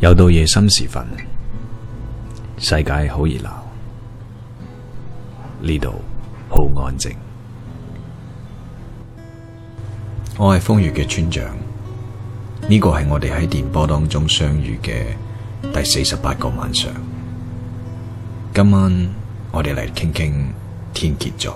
又到夜深時分，世界好熱鬧，呢度好安靜。我係瘋粵嘅村長，呢個係我哋喺電波當中相遇嘅第四十八個晚上。今晚我哋嚟傾傾天蠍座。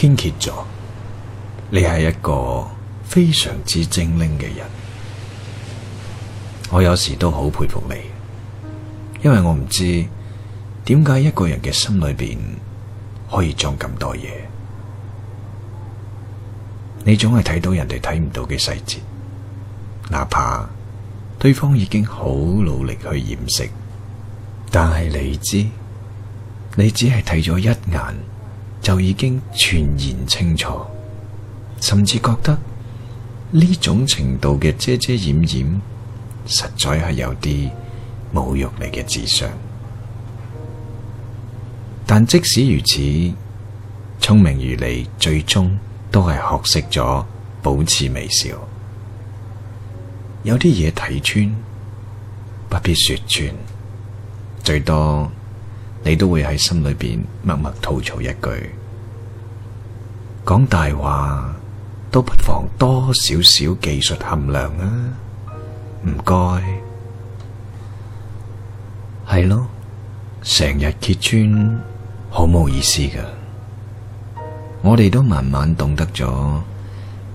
天蠍座，你係一個非常之精靈嘅人，我有時都好佩服你，因為我唔知點解一個人嘅心裏面可以裝咁多嘢。你總係睇到人哋睇唔到嘅細節，哪怕對方已經好努力去掩飾，但係你知，你只係睇咗一眼。就已經全然清楚，甚至覺得呢種程度嘅遮遮掩掩，實在係有啲侮辱你嘅智商。但即使如此，聰明如你，最終都係學識咗保持微笑。有啲嘢，睇穿，不必說穿，最多。你都會喺心裏邊默默吐槽一句：講大話都不妨多少少技術含量啊！唔該，係咯，成日揭穿好冇意思噶。我哋都慢慢懂得咗，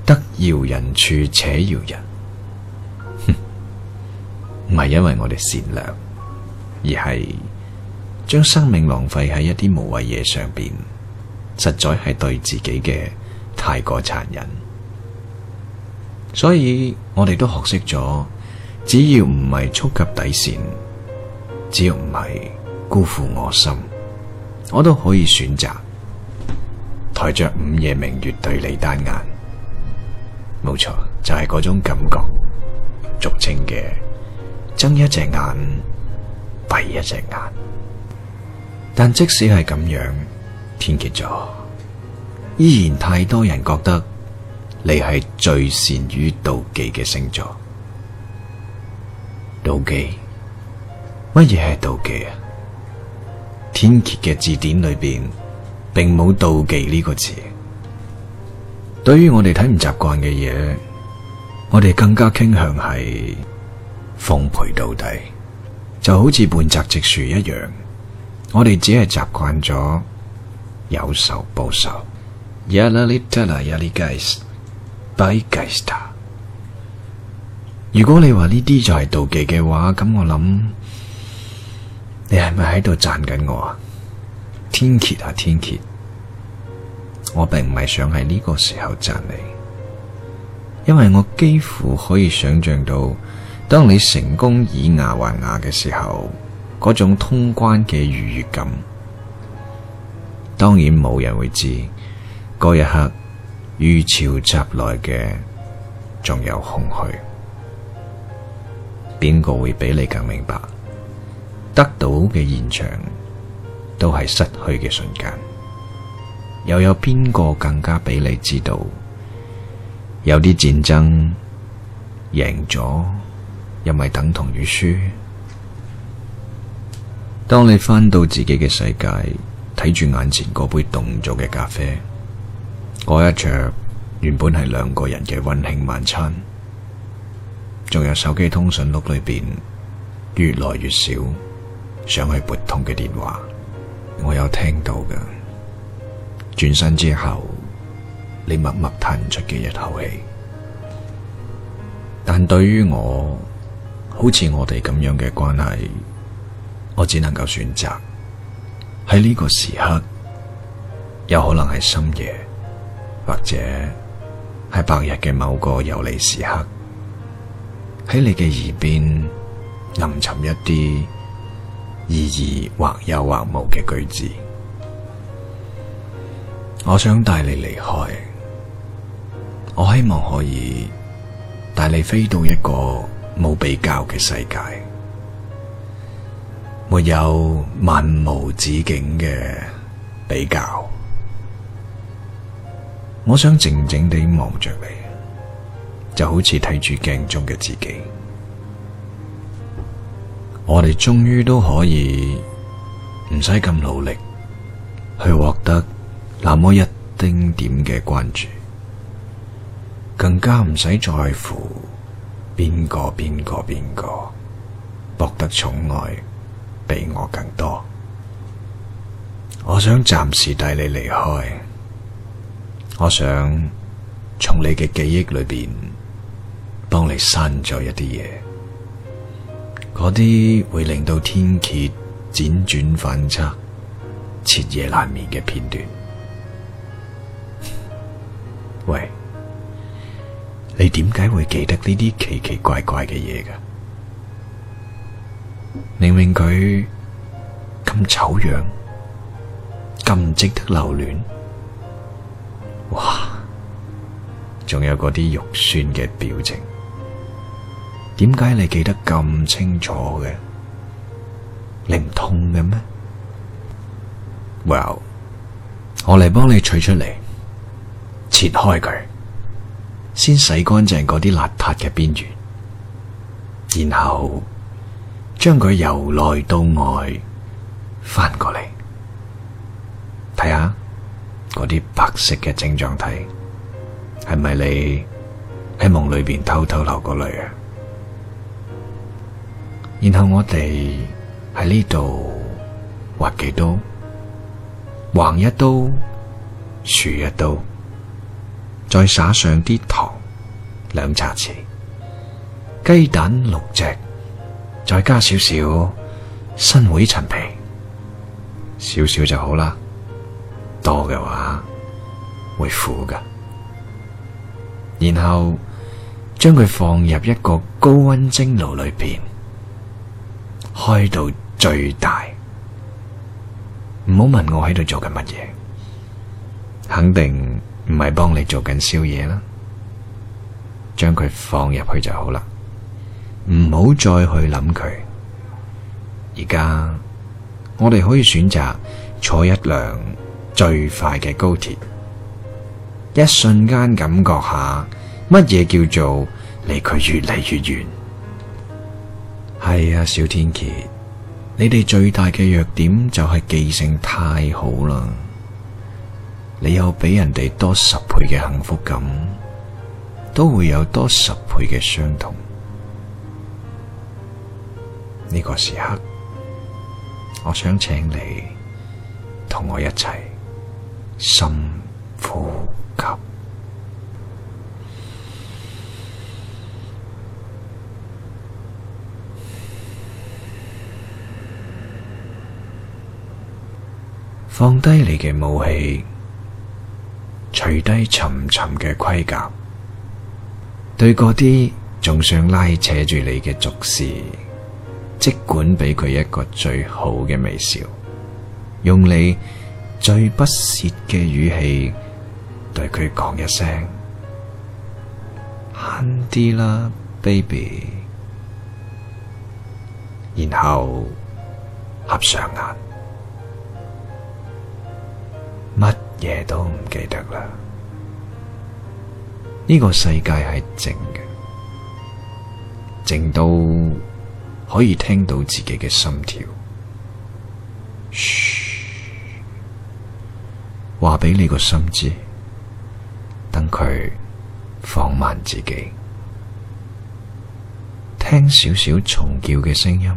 得饒人處且饒人。哼，唔係因為我哋善良，而係，將生命浪費喺一啲無謂嘢上邊，實在係對自己嘅太過殘忍。所以我哋都學識咗，只要唔係觸及底線，只要唔係辜負我心，我都可以選擇抬着午夜明月對你單眼。冇錯，就係嗰種感覺，俗稱嘅睜一隻眼閉一隻眼。但即使係咁樣，天蠍座依然太多人覺得你係最善於妒忌嘅星座。妒忌，乜嘢係妒忌啊？天蝎嘅字典裏邊並冇妒忌呢個詞。對於我哋睇唔習慣嘅嘢，我哋更加傾向係奉陪到底，就好似半澤直樹一樣。我哋只係習慣咗有仇報仇。如果你話呢啲就係妒忌嘅話，咁我諗，你係咪喺度讚緊我啊？天蠍啊，天蠍，我並唔係想喺呢個時候讚你，因為我幾乎可以想象到，當你成功以牙還牙嘅時候。嗰種通關嘅愉悅感，當然冇人會知。嗰一刻如潮襲來嘅，仲有空虛。邊個會比你更明白？得到嘅現場，都係失去嘅瞬間。又有邊個更加比你知道？有啲戰爭贏咗，又唔係等同於輸。當你返到自己嘅世界，睇住眼前嗰杯凍咗嘅咖啡，嗰一桌原本係兩個人嘅温馨晚餐，仲有手機通訊錄裏邊越來越少想去撥通嘅電話，我有聽到嘅。轉身之後，你默默嘆出嘅一口氣，但對於我，好似我哋咁樣嘅關係。我只能夠選擇喺呢個時刻，有可能係深夜，或者係白日嘅某個游離時刻，喺你嘅耳邊吟尋一啲意義或有或無嘅句子。我想帶你離開，我希望可以帶你飛到一個冇比較嘅世界。沒有漫無止境嘅比較，我想靜靜地望住你，就好似睇住鏡中嘅自己。我哋終於都可以唔使咁努力去獲得那麼一丁點嘅關注，更加唔使在乎邊個、邊個、邊個博得寵愛比我更多，我想暫時帶你離開。我想從你嘅記憶裏邊，幫你刪咗一啲嘢，嗰啲會令到天蠍輾轉反側、徹夜難眠嘅片段。 喂，你點解會記得呢啲奇奇怪怪嘅嘢㗎？明明佢咁醜樣，咁唔值得留戀。哇，仲有嗰啲肉酸嘅表情，點解你記得咁清楚嘅？你唔痛嘅咩？Well，我嚟幫你取出嚟，切開佢，先洗乾淨嗰啲邋遢嘅邊緣，然後。將佢由內到外翻過嚟，睇下嗰啲白色嘅晶狀體，係咪你喺夢裏邊偷偷流過淚啊？然後我哋喺呢度劃幾刀，橫一刀，豎一刀，再灑上啲糖兩茶匙，雞蛋六隻。再加少少新會陳皮，少少就好啦。多嘅話會苦㗎。然後將佢放入一個高溫蒸爐裏邊，開到最大。唔好問我喺度做緊乜嘢，肯定唔係幫你做緊宵夜啦。將佢放入去就好啦。唔好再去諗佢。而家我哋可以選擇坐一輛最快嘅高鐵，一瞬間感覺下乜嘢叫做離佢越嚟越遠。係啊，小天蠍，你哋最大嘅弱點就係記性太好啦。你有比人哋多十倍嘅幸福感，都會有多十倍嘅傷痛。呢個時刻，我想請你同我一齊深呼吸，放低你嘅武器，除低沉沉嘅盔甲，對嗰啲仲想拉扯住你嘅俗事。即管俾佢一個最好嘅微笑，用你最不屑嘅語氣對佢講一聲慳啲啦，baby，然後合上眼，乜嘢都唔記得啦。呢個世界係靜嘅，靜到～可以聽到自己嘅心跳，噓，話俾你個心知，等佢放慢自己，聽少少蟲叫嘅聲音，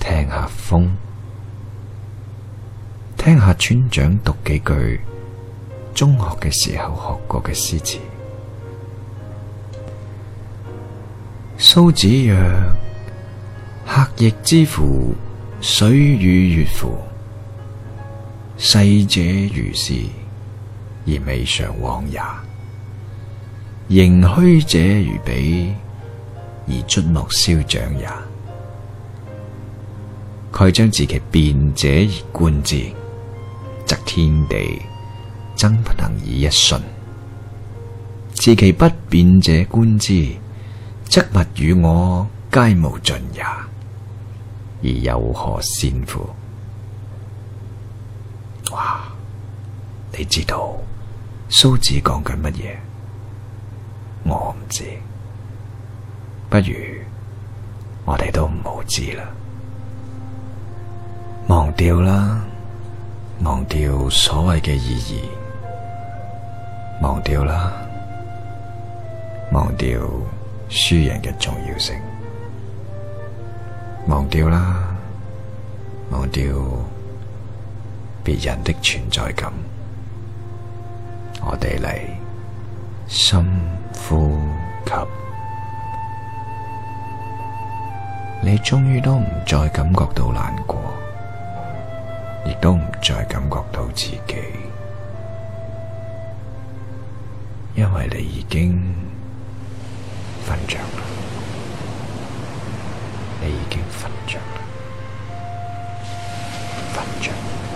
聽下風，聽下村長讀幾句中學嘅時候學過嘅詩詞。蘇子曰：客亦知夫水與月乎？逝者如斯，而未嘗往也；盈虛者如彼，而卒莫消長也。蓋將自其變者而觀之，則天地曾不能以一瞬；自其不變者觀之，則物與我皆無盡也，而有何羨乎？哇！你知道蘇子講緊乜嘢？我唔知，不如我哋都唔好知啦，忘掉啦，忘掉所謂嘅意義，忘掉啦，忘掉。輸贏嘅重要性，忘掉啦，忘掉別人的存在感。我哋嚟深呼吸，你終於都唔再感覺到難過，亦都唔再感覺到自己，因為你已經。瞓着啦，你已經瞓著啦，瞓著。